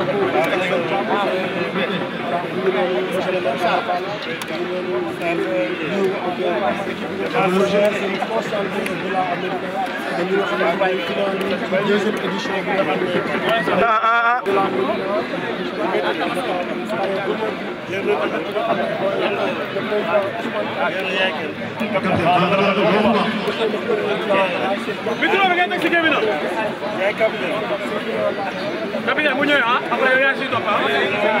ah ah. Capitán Muñoz, ¿ah? ¿Apre había sido acá? Bueno. ¿ah?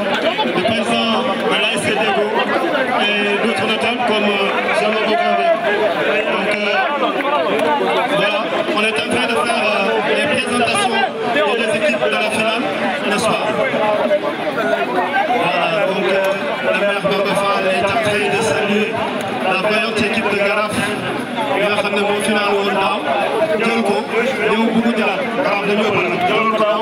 Les présent à la SCDGO et d'autres notables comme euh, Jean-Marc Condé. Donc euh, voilà, on est en train de faire les euh, présentations des équipes de la finale le soir. Voilà, donc la mère Bambafal est en train de saluer la brillante équipe de Garaf la nga xam au moo final woon daaw jël ko ñëw bëgg jëlaat garab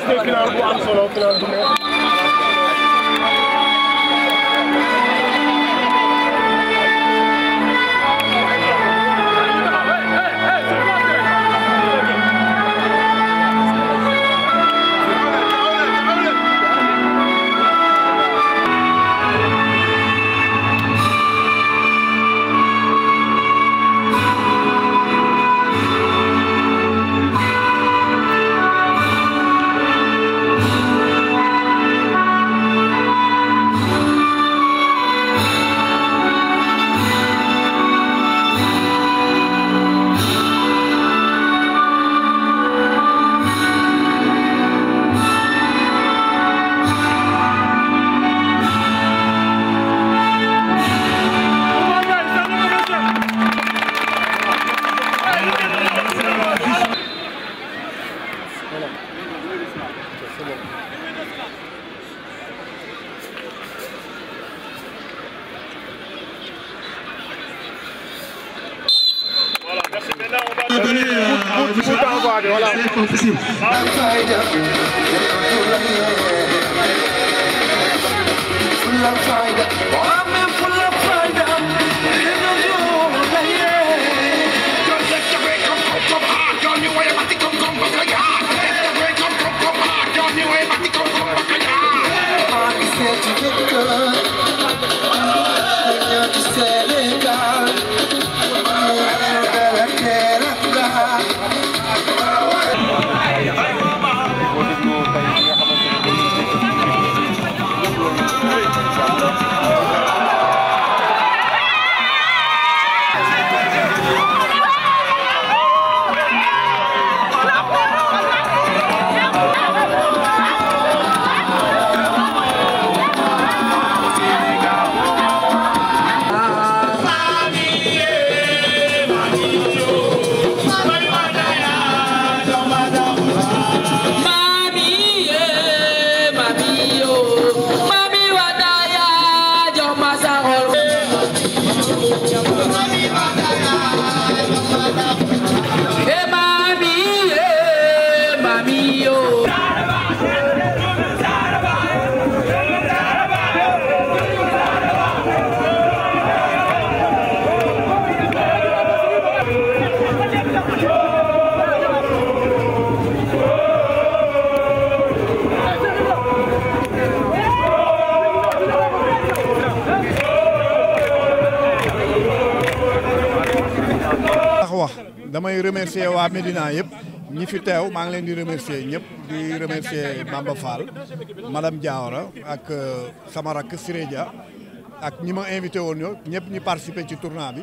Biz de final bu an sonra final bu ne? 啊！damay remercier wa medina yeb ñi fi tew ma ngi leen di remercier ñep di remercier mamba Fall madame Diawara ak euh, sama rakk ak ñima invité won ñep ñi participer ci tournoi bi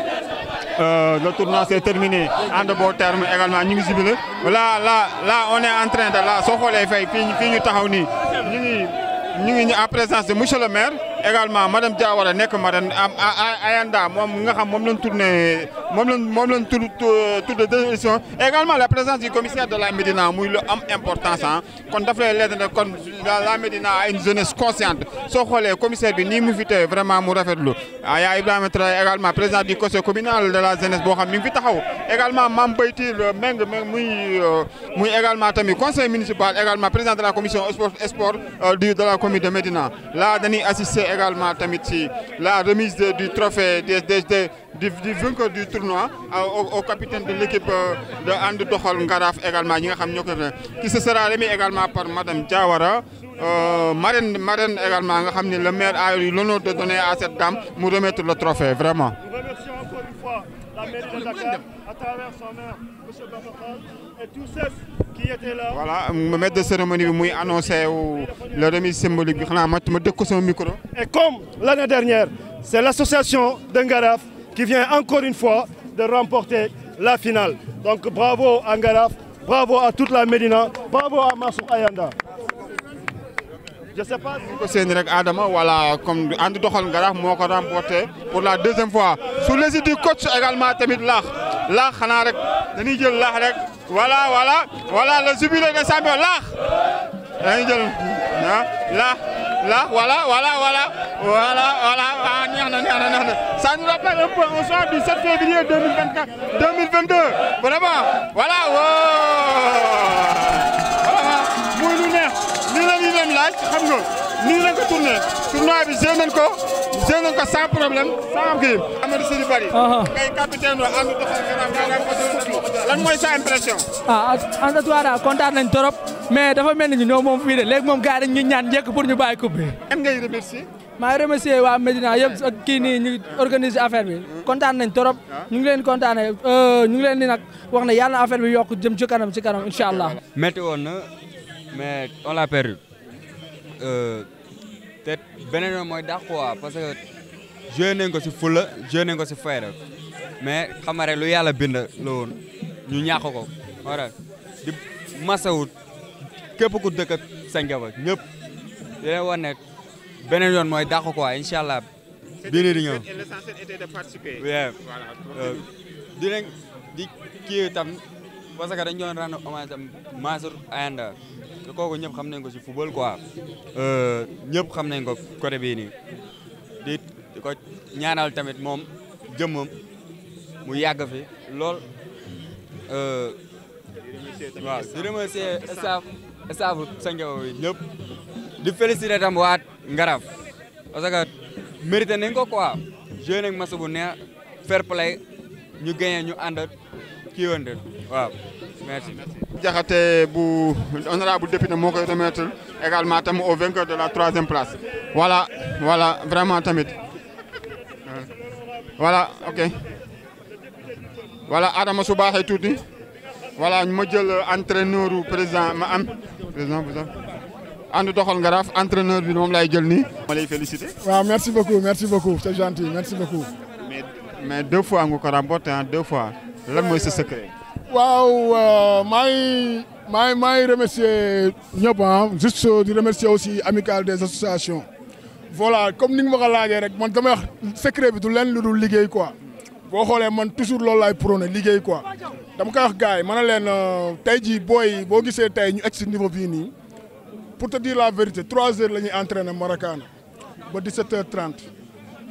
Euh, le tournoi s'est terminé en de bon terme également là on est en train de la les fay ñu en présence de monsieur le maire également madame Diawara madame Ayanda nga je lañ euh, également la présence du commissaire de la Médina qui a am importance quand hein. kon fait l'aide de la Médina a une jeunesse consciente rôle, le commissaire bi nii mu fi tey vraiment mu rafetlu ah yaa Ibrahima également également président du conseil communal de la jeunesse boo xam également Mame le Meng euh, également tamit conseil municipal également président de la commission sport sport euh, du de la commune de Médina là Denis assister également à la remise du trophée des des du, du vainqueur du tournoi euh, au, capitaine de l'équipe euh, de Andu Tokhol Ngaraf également, qui se sera remis également par Madame Diawara. Euh, également, le maire a eu l'honneur de donner à cette dame nous remettre le trophée, vraiment. Nous remercions encore une fois la mairie de Dakar, à travers son maire, M. et tous ceux qui étaient là. Voilà, le maître de cérémonie m'a annoncé le remise symbolique. micro. Et comme l'année dernière, c'est l'association d'Engaraf qui vient encore une fois de remporter la finale. Donc bravo à Ngaraf, bravo à toute la Médina, bravo à Massou Ayanda. Je sais pas si c'est Adama voilà comme Andy Dokhol Ngaraf moko remporté pour la deuxième fois sous les du coach également Tamit Lakh Lakh xana rek dañuy voilà voilà voilà le jubilé de Samuel, Lakh dañuy jël ah, Là, voilà, voilà, voilà. Voilà, voilà. Ah, non, non, Ça nous rappelle un peu, au soir du 7 février 2024, 2022. Vraiment. Voilà, voilà Voilà. lu la voilà, voilà, voilà, xam nga. voilà, sans problème, sans voilà, Amadou Sidi Bari. Ah, ah. capitaine voilà, voilà, voilà, impression? Ah, voilà, voilà, voilà, mais dafa mel ni ñu ñoo moom fii de léegi moom gars yi ñu ñaan njëkk pour ñu bàyyi coupe bi. kan ngay remercier. maa ngi remercier waa Medina yëpp ak kii nii ñu organise affaire bi kontaan nañ trop ah. ñu ngi leen kontaane euh, ñu ngi leen di nag wax na yàlla na affaire bi yokk jëm ci kanam ci kanam incha allah. métti woon na mais on l'a perdu euh, te beneen mooy dàq quoi parce que joué go si fula joué nañ ko si fayda mais xam nga rek lu yàlla bind la woon ñu ñàkk ko. di masawut képp ku dëkk ak Sandiaba ñëpp di leen wan ne beneen yoon mooy dàq quoi incha allah. bii nii di euh, kii tam parce que dañu doon rendre hommage Ayanda te kooku ñëpp xam nañ ko si football quoi. Euh, ñëpp xam nañ ko côté bii nii di di ko ñaanal tamit moom jëmmam mu yàgg fi lool. Euh, waaw di staff Sandiaba bi ñëpp di féliciter tam waa Ngaraf parce que mérité nañ ko quoi joué nañ match bu neex fair play ñu gagné ñu ànd kii wante waaw merci. jaxate bu honorable député moo koy remettre également tam au vainqueur de la troisième place voilà voilà vraiment tamit voilà ok voilà Adama su tuuti. voilà ma jël entraîneur ou président ma am président bu sax ànd nga raf entraîneur bi moom lay jël ni ma lay féliciter. waaw merci beaucoup merci beaucoup c'est gentil merci beaucoup. mais mais deux fois ngou ko remporté hein deux fois lan moy ce secret. waaw euh, may may may remercier ñop hein juste di remercier aussi amicale des associations. voilà comme ni nga ma ko rek man dama wax secret bi du lenn lu dul liggéey quoi boo xoolee man toujours loolu laay prôné liggéey quoi dama koy wax gars yi ma ne leen euh, tey jii booy boo ñu egg niveau bii ni. pour te dire la vérité 3h lañuy entraîner entraîné ba 17 h 30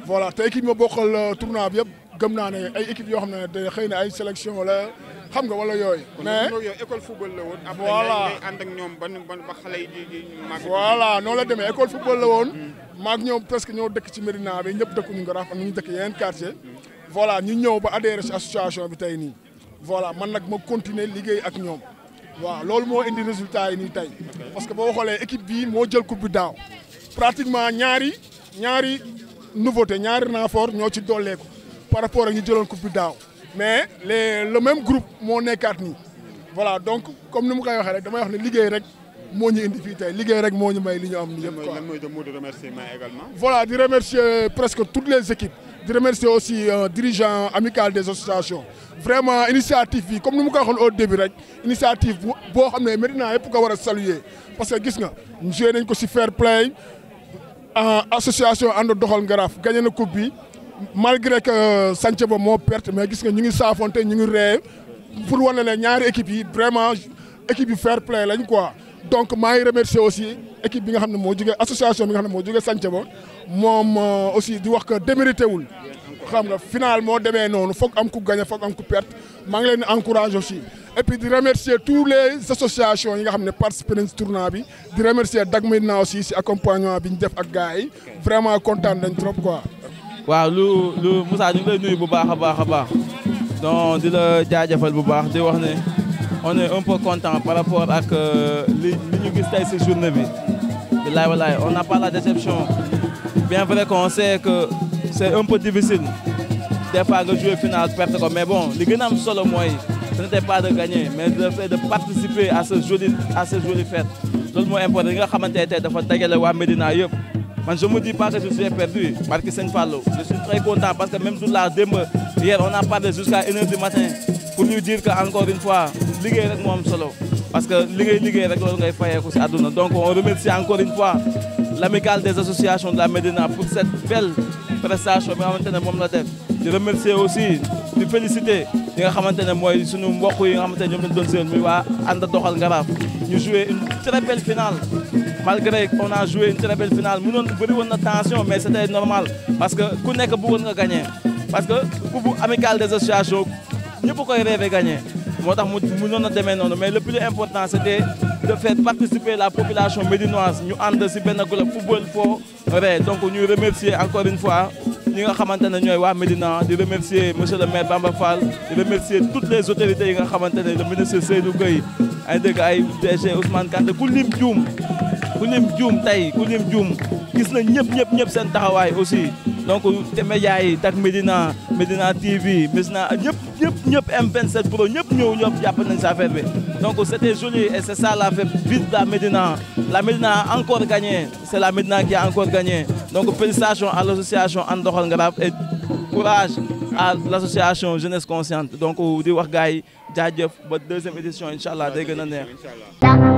voilà te équipe mo bokkal euh, tournoi bi yëpp gëm naa ne ay équipe yo xamné ne day xëy ay sélection la xam nga wala yoy mais école football la won voilà après ànd ak ñom ban ban ba xalé yi di voilà non la démé école football la won mag ñom presque ñoo dëkk ci Médina bi ñëpp ñu Ngaraaf am ñu dëkk yeen quartier voilà ñu ñëw ba adhéré si association bi tay ni voilà man nak ma continuer liguey ak ñom waaw lool mo indi résultat yi ni tay parce que bo xolé équipe bi mo jël coupe daw pratiquement ñaari ñaari nouveauté ñaari renfort ñoo ci ko par rapport ak ñu jëlone coupe daw mais les le même groupe mo nekkaat ni. voilà donc comme ni mu koy waxee rek damay wax ne liggéey rek moo ñu indi fii tey liggéey rek moo ñu may li ñu am mot de remerciement également. voilà di remercier presque toutes les équipes di remercier aussi euh, dirigeant amical des associations vraiment initiative comme nous mu ko au début rek initiative boo xam ne pour yëpp ko saluer parce que gis nga joué nañ ko si fair play association ànd doxal ngaraaf gagné na coupe bi malgré que euh, Sanche ba perte mais gis nga ñu ngi saafonte ñu ngi ree pour wane les ñaari équipes yi vraiment équipe yi fair play lañ quoi donc maa ngi remercier aussi équipe bi nga xam mo moo association bi nga xam mo moo jógee mom euh, aussi di wax que démérité wul xam nga final mo démé nonou foog am ku gagner foog am ku perte maa ngi leen aussi et puis di remercier tous les associations yi nga xam participer dans ce tournoi bi di remercier Dak aussi ci accompagnement biñ def ak gaay vraiment content nañ trop quoi. waaw lu lu Moussa ñu lay nuyu bu baaxa baaxa baax donc di la jaajeufal bu baax di wax ne on est un peu content par rapport à ce euh, li nous avons fait ce journée on n'a pas la déception bien vrai qu'on sait que c'est un peu difficile des fois pas jouer finale perte mais bon le gën am solo ce n'était pas de gagner mais de de participer à ce joli à ce fête ne je me dis pas que je suis perdu je suis très content parce que même tout la monde, hier on a parlé jusqu'à 1h du matin pour nous dire qu'encore une fois liggéey rek mo am solo parce que li ngay rek loolu ngay fayeeku ci aduna donc on remercie encore une fois l'amicale des associations de la Médina pour cette belle prestation Je remercie remercier aussi di féliciter ñi nga xamantene moy suñu mbokk yi nga xamantene ne ñoom lañ doon seen muy wa and doxal ngaraf ñu joué une très belle finale malgré qu'on a joué une très belle finale mënon bëri woon na tension mais c'était normal parce que ku nekk won nga gagner parce que coupe amicale des associations ñëpp koy rêver gagner mais le plus important c'était de faire participer la population médinoise Nous avons football donc nous remercions encore une fois nous nga Médina nous remercions M. le maire Bamba Fall nous remercier toutes les autorités le ministre Seydou Ousmane nous nous aussi donc Média yi tak Medina Médina TV Médina ñep ñep ñep M27 Pro ñëpp Japonais. ñëpp japp nañ sa donc c'était joli et c'est ça la fait fait la Medina. la Medina a encore gagné c'est la Medina qui a encore gagné donc félicitations à l'association And Doxal et courage à l'association Jeunesse Consciente donc di wax gaay yi ba deuxième édition inchallah day